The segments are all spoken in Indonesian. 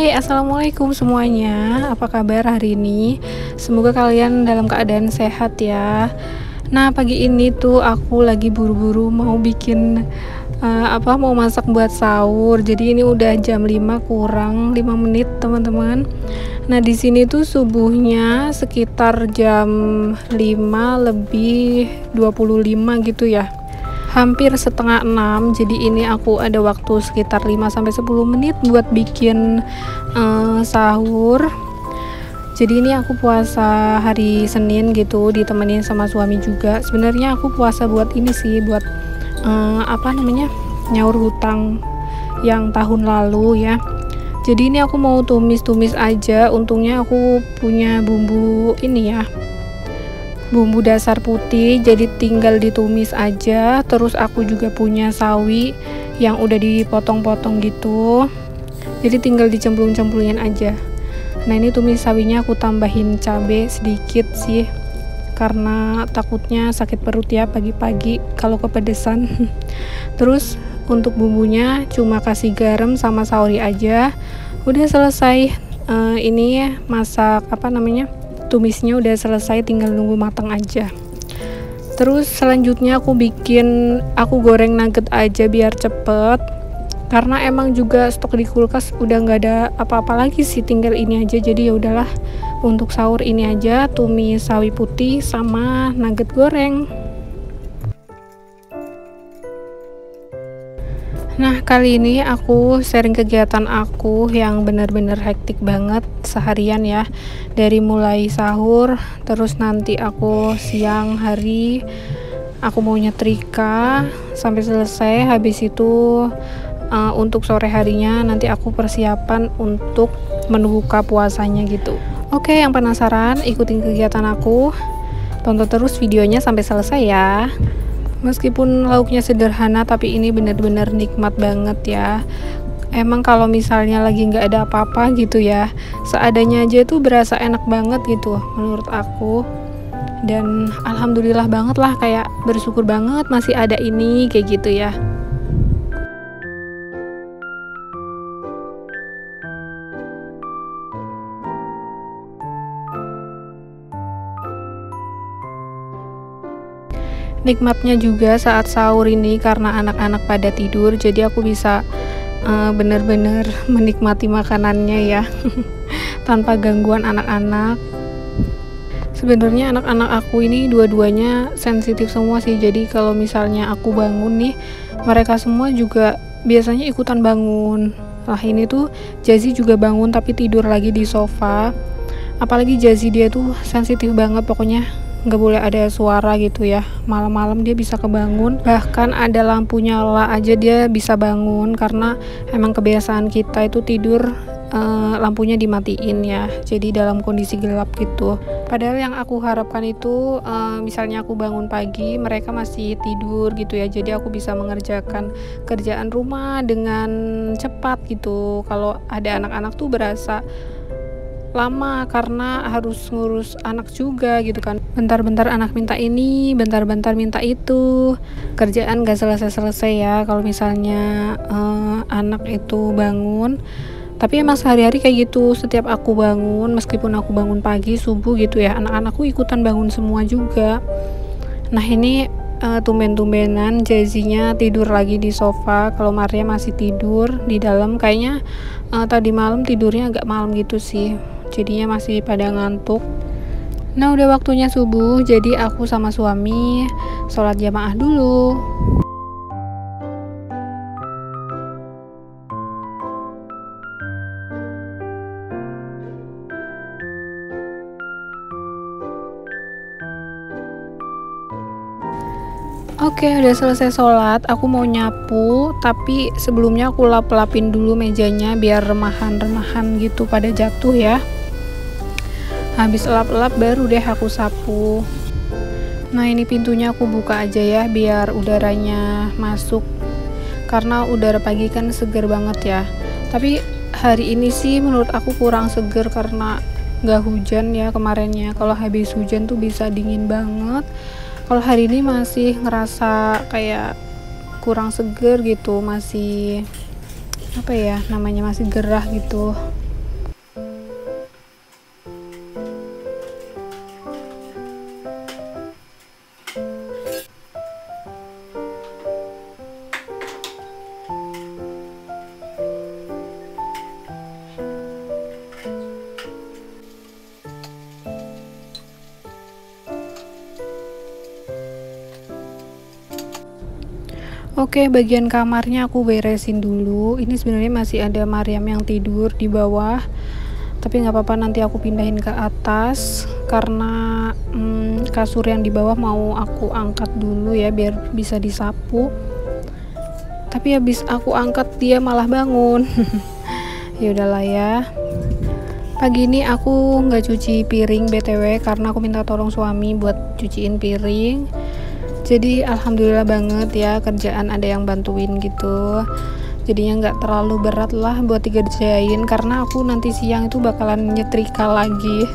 Hai, assalamualaikum semuanya. Apa kabar hari ini? Semoga kalian dalam keadaan sehat ya. Nah, pagi ini tuh aku lagi buru-buru mau bikin uh, apa mau masak buat sahur. Jadi ini udah jam 5 kurang 5 menit, teman-teman. Nah, di sini tuh subuhnya sekitar jam 5 lebih 25 gitu ya hampir setengah enam, jadi ini aku ada waktu sekitar 5-10 menit buat bikin uh, sahur jadi ini aku puasa hari Senin gitu ditemenin sama suami juga sebenarnya aku puasa buat ini sih buat uh, apa namanya nyaur hutang yang tahun lalu ya jadi ini aku mau tumis-tumis aja untungnya aku punya bumbu ini ya bumbu dasar putih jadi tinggal ditumis aja terus aku juga punya sawi yang udah dipotong-potong gitu jadi tinggal dicemplung-cemplungin aja nah ini tumis sawinya aku tambahin cabe sedikit sih karena takutnya sakit perut ya pagi-pagi kalau kepedesan terus untuk bumbunya cuma kasih garam sama sauri aja udah selesai uh, ini ya masak apa namanya tumisnya udah selesai tinggal nunggu matang aja terus selanjutnya aku bikin aku goreng nugget aja biar cepet karena emang juga stok di kulkas udah nggak ada apa-apa lagi sih tinggal ini aja jadi ya udahlah untuk sahur ini aja tumis sawi putih sama nugget goreng Nah, kali ini aku sharing kegiatan aku yang benar-benar hektik banget seharian ya. Dari mulai sahur, terus nanti aku siang hari aku mau nyetrika sampai selesai. Habis itu uh, untuk sore harinya nanti aku persiapan untuk buka puasanya gitu. Oke, yang penasaran ikutin kegiatan aku. Tonton terus videonya sampai selesai ya meskipun lauknya sederhana tapi ini benar-benar nikmat banget ya emang kalau misalnya lagi nggak ada apa-apa gitu ya seadanya aja itu berasa enak banget gitu menurut aku dan alhamdulillah banget lah kayak bersyukur banget masih ada ini kayak gitu ya nikmatnya juga saat sahur ini karena anak-anak pada tidur jadi aku bisa uh, eh, bener-bener menikmati makanannya ya tanpa gangguan anak-anak sebenarnya anak-anak aku ini dua-duanya sensitif semua sih jadi kalau misalnya aku bangun nih mereka semua juga biasanya ikutan bangun lah ini tuh Jazzy juga bangun tapi tidur lagi di sofa apalagi Jazzy dia tuh sensitif banget pokoknya nggak boleh ada suara gitu ya malam-malam dia bisa kebangun bahkan ada lampu nyala aja dia bisa bangun karena emang kebiasaan kita itu tidur uh, lampunya dimatiin ya jadi dalam kondisi gelap gitu padahal yang aku harapkan itu uh, misalnya aku bangun pagi mereka masih tidur gitu ya jadi aku bisa mengerjakan kerjaan rumah dengan cepat gitu kalau ada anak-anak tuh berasa lama karena harus ngurus anak juga gitu kan bentar-bentar anak minta ini bentar-bentar minta itu kerjaan gak selesai-selesai ya kalau misalnya uh, anak itu bangun tapi emang sehari-hari kayak gitu setiap aku bangun meskipun aku bangun pagi subuh gitu ya anak-anakku ikutan bangun semua juga nah ini uh, tumben-tumbenan Jazinya tidur lagi di sofa kalau Maria masih tidur di dalam kayaknya uh, tadi malam tidurnya agak malam gitu sih jadinya masih pada ngantuk. Nah, udah waktunya subuh, jadi aku sama suami sholat jamaah dulu. Oke, okay, udah selesai sholat. Aku mau nyapu, tapi sebelumnya aku lap-lapin dulu mejanya biar remahan-remahan gitu pada jatuh ya habis lap-lap baru deh aku sapu nah ini pintunya aku buka aja ya biar udaranya masuk karena udara pagi kan seger banget ya tapi hari ini sih menurut aku kurang seger karena gak hujan ya kemarinnya kalau habis hujan tuh bisa dingin banget kalau hari ini masih ngerasa kayak kurang seger gitu masih apa ya namanya masih gerah gitu Oke, bagian kamarnya aku beresin dulu. Ini sebenarnya masih ada Mariam yang tidur di bawah. Tapi nggak apa-apa nanti aku pindahin ke atas karena hmm, kasur yang di bawah mau aku angkat dulu ya biar bisa disapu. Tapi habis aku angkat dia malah bangun. ya udahlah ya. Pagi ini aku nggak cuci piring BTW karena aku minta tolong suami buat cuciin piring jadi alhamdulillah banget ya kerjaan ada yang bantuin gitu jadinya nggak terlalu berat lah buat dikerjain karena aku nanti siang itu bakalan nyetrika lagi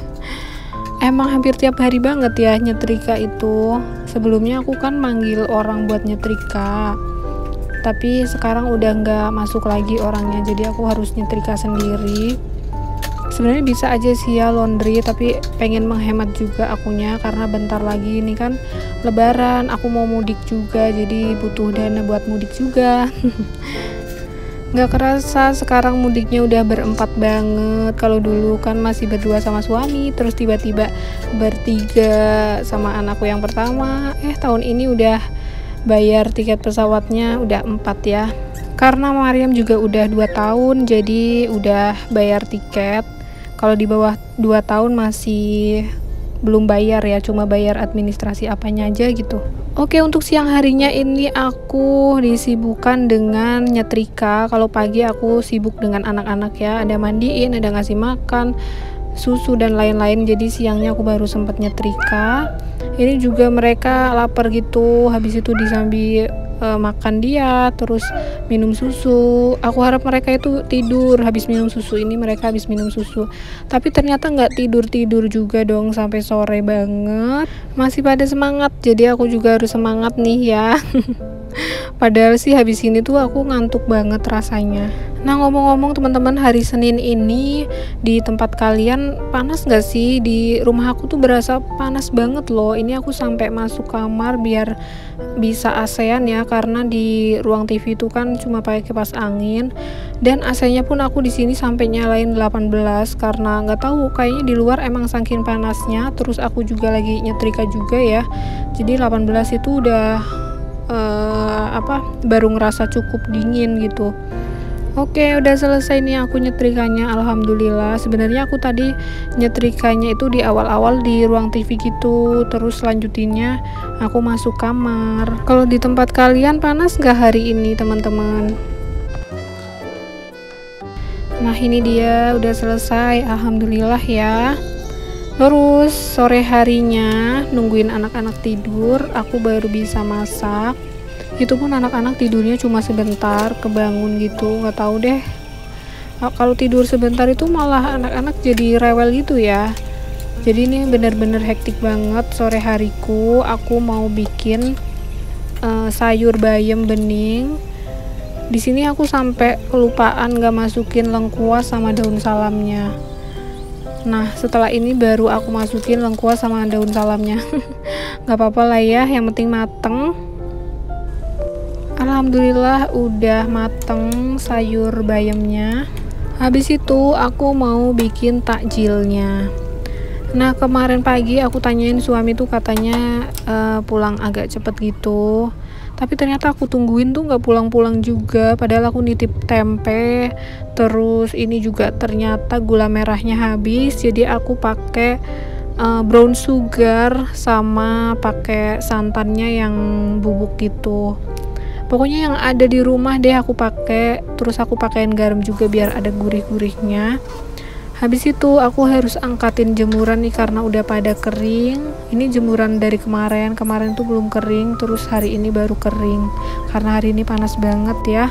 emang hampir tiap hari banget ya nyetrika itu sebelumnya aku kan manggil orang buat nyetrika tapi sekarang udah nggak masuk lagi orangnya jadi aku harus nyetrika sendiri sebenarnya bisa aja sih ya laundry tapi pengen menghemat juga akunya karena bentar lagi ini kan lebaran aku mau mudik juga jadi butuh dana buat mudik juga nggak kerasa sekarang mudiknya udah berempat banget kalau dulu kan masih berdua sama suami terus tiba-tiba bertiga sama anakku yang pertama eh tahun ini udah bayar tiket pesawatnya udah empat ya karena Mariam juga udah 2 tahun jadi udah bayar tiket kalau di bawah 2 tahun masih belum bayar ya, cuma bayar administrasi apanya aja gitu. Oke, untuk siang harinya ini aku disibukkan dengan nyetrika. Kalau pagi aku sibuk dengan anak-anak ya, ada mandiin, ada ngasih makan, susu dan lain-lain. Jadi siangnya aku baru sempat nyetrika. Ini juga mereka lapar gitu, habis itu disambi uh, makan dia, terus minum susu. Aku harap mereka itu tidur habis minum susu ini, mereka habis minum susu. Tapi ternyata nggak tidur tidur juga dong sampai sore banget. Masih pada semangat, jadi aku juga harus semangat nih ya. Padahal sih habis ini tuh aku ngantuk banget rasanya. Nah ngomong-ngomong teman-teman hari Senin ini di tempat kalian panas gak sih? Di rumah aku tuh berasa panas banget loh. Ini aku sampai masuk kamar biar bisa ASEAN ya karena di ruang TV itu kan cuma pakai kipas angin dan AC-nya pun aku di sini sampai nyalain 18 karena nggak tahu kayaknya di luar emang saking panasnya terus aku juga lagi nyetrika juga ya. Jadi 18 itu udah uh, apa baru ngerasa cukup dingin gitu Oke, udah selesai nih aku nyetrikanya. Alhamdulillah. Sebenarnya aku tadi nyetrikanya itu di awal-awal di ruang TV gitu, terus selanjutnya aku masuk kamar. Kalau di tempat kalian panas nggak hari ini, teman-teman? Nah, ini dia udah selesai. Alhamdulillah ya. Terus sore harinya nungguin anak-anak tidur, aku baru bisa masak. Itu pun anak-anak tidurnya cuma sebentar, kebangun gitu, nggak tahu deh. Kalau tidur sebentar itu malah anak-anak jadi rewel gitu ya. Jadi ini bener-bener hektik banget sore hariku. Aku mau bikin uh, sayur bayam bening. Di sini aku sampai kelupaan nggak masukin lengkuas sama daun salamnya. Nah setelah ini baru aku masukin lengkuas sama daun salamnya Gak apa-apa lah ya yang penting mateng Alhamdulillah udah mateng sayur bayamnya Habis itu aku mau bikin takjilnya Nah kemarin pagi aku tanyain suami tuh katanya uh, pulang agak cepet gitu tapi ternyata aku tungguin tuh nggak pulang-pulang juga padahal aku nitip tempe terus ini juga ternyata gula merahnya habis jadi aku pakai uh, brown sugar sama pakai santannya yang bubuk gitu pokoknya yang ada di rumah deh aku pakai terus aku pakaiin garam juga biar ada gurih-gurihnya habis itu aku harus angkatin jemuran nih karena udah pada kering ini jemuran dari kemarin kemarin tuh belum kering terus hari ini baru kering karena hari ini panas banget ya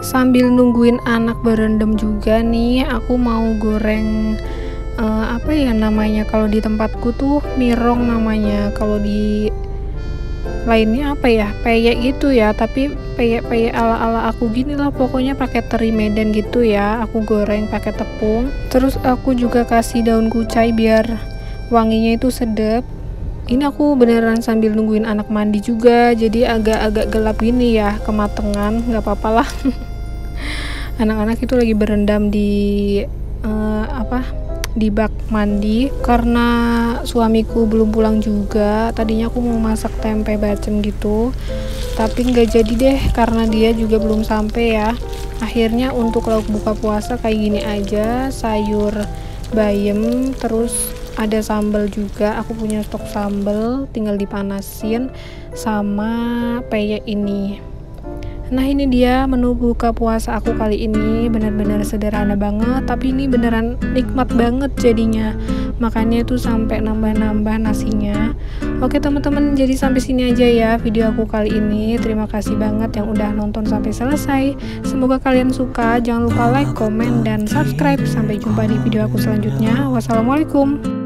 sambil nungguin anak berendam juga nih aku mau goreng uh, apa ya namanya kalau di tempatku tuh mirong namanya kalau di lainnya apa ya peyek gitu ya tapi peyek peyek ala ala aku gini lah pokoknya pakai teri medan gitu ya aku goreng pakai tepung terus aku juga kasih daun kucai biar wanginya itu sedap ini aku beneran sambil nungguin anak mandi juga jadi agak-agak gelap gini ya kematangan nggak apa apa lah. anak-anak itu lagi berendam di uh, apa di bak mandi karena suamiku belum pulang juga tadinya aku mau masak tempe bacem gitu tapi nggak jadi deh karena dia juga belum sampai ya akhirnya untuk lauk buka puasa kayak gini aja sayur bayam terus ada sambal juga aku punya stok sambal tinggal dipanasin sama peyek ini Nah ini dia menu buka puasa aku kali ini benar-benar sederhana banget Tapi ini beneran nikmat banget jadinya makannya tuh sampai nambah-nambah nasinya Oke teman-teman jadi sampai sini aja ya video aku kali ini Terima kasih banget yang udah nonton sampai selesai Semoga kalian suka Jangan lupa like, komen, dan subscribe Sampai jumpa di video aku selanjutnya Wassalamualaikum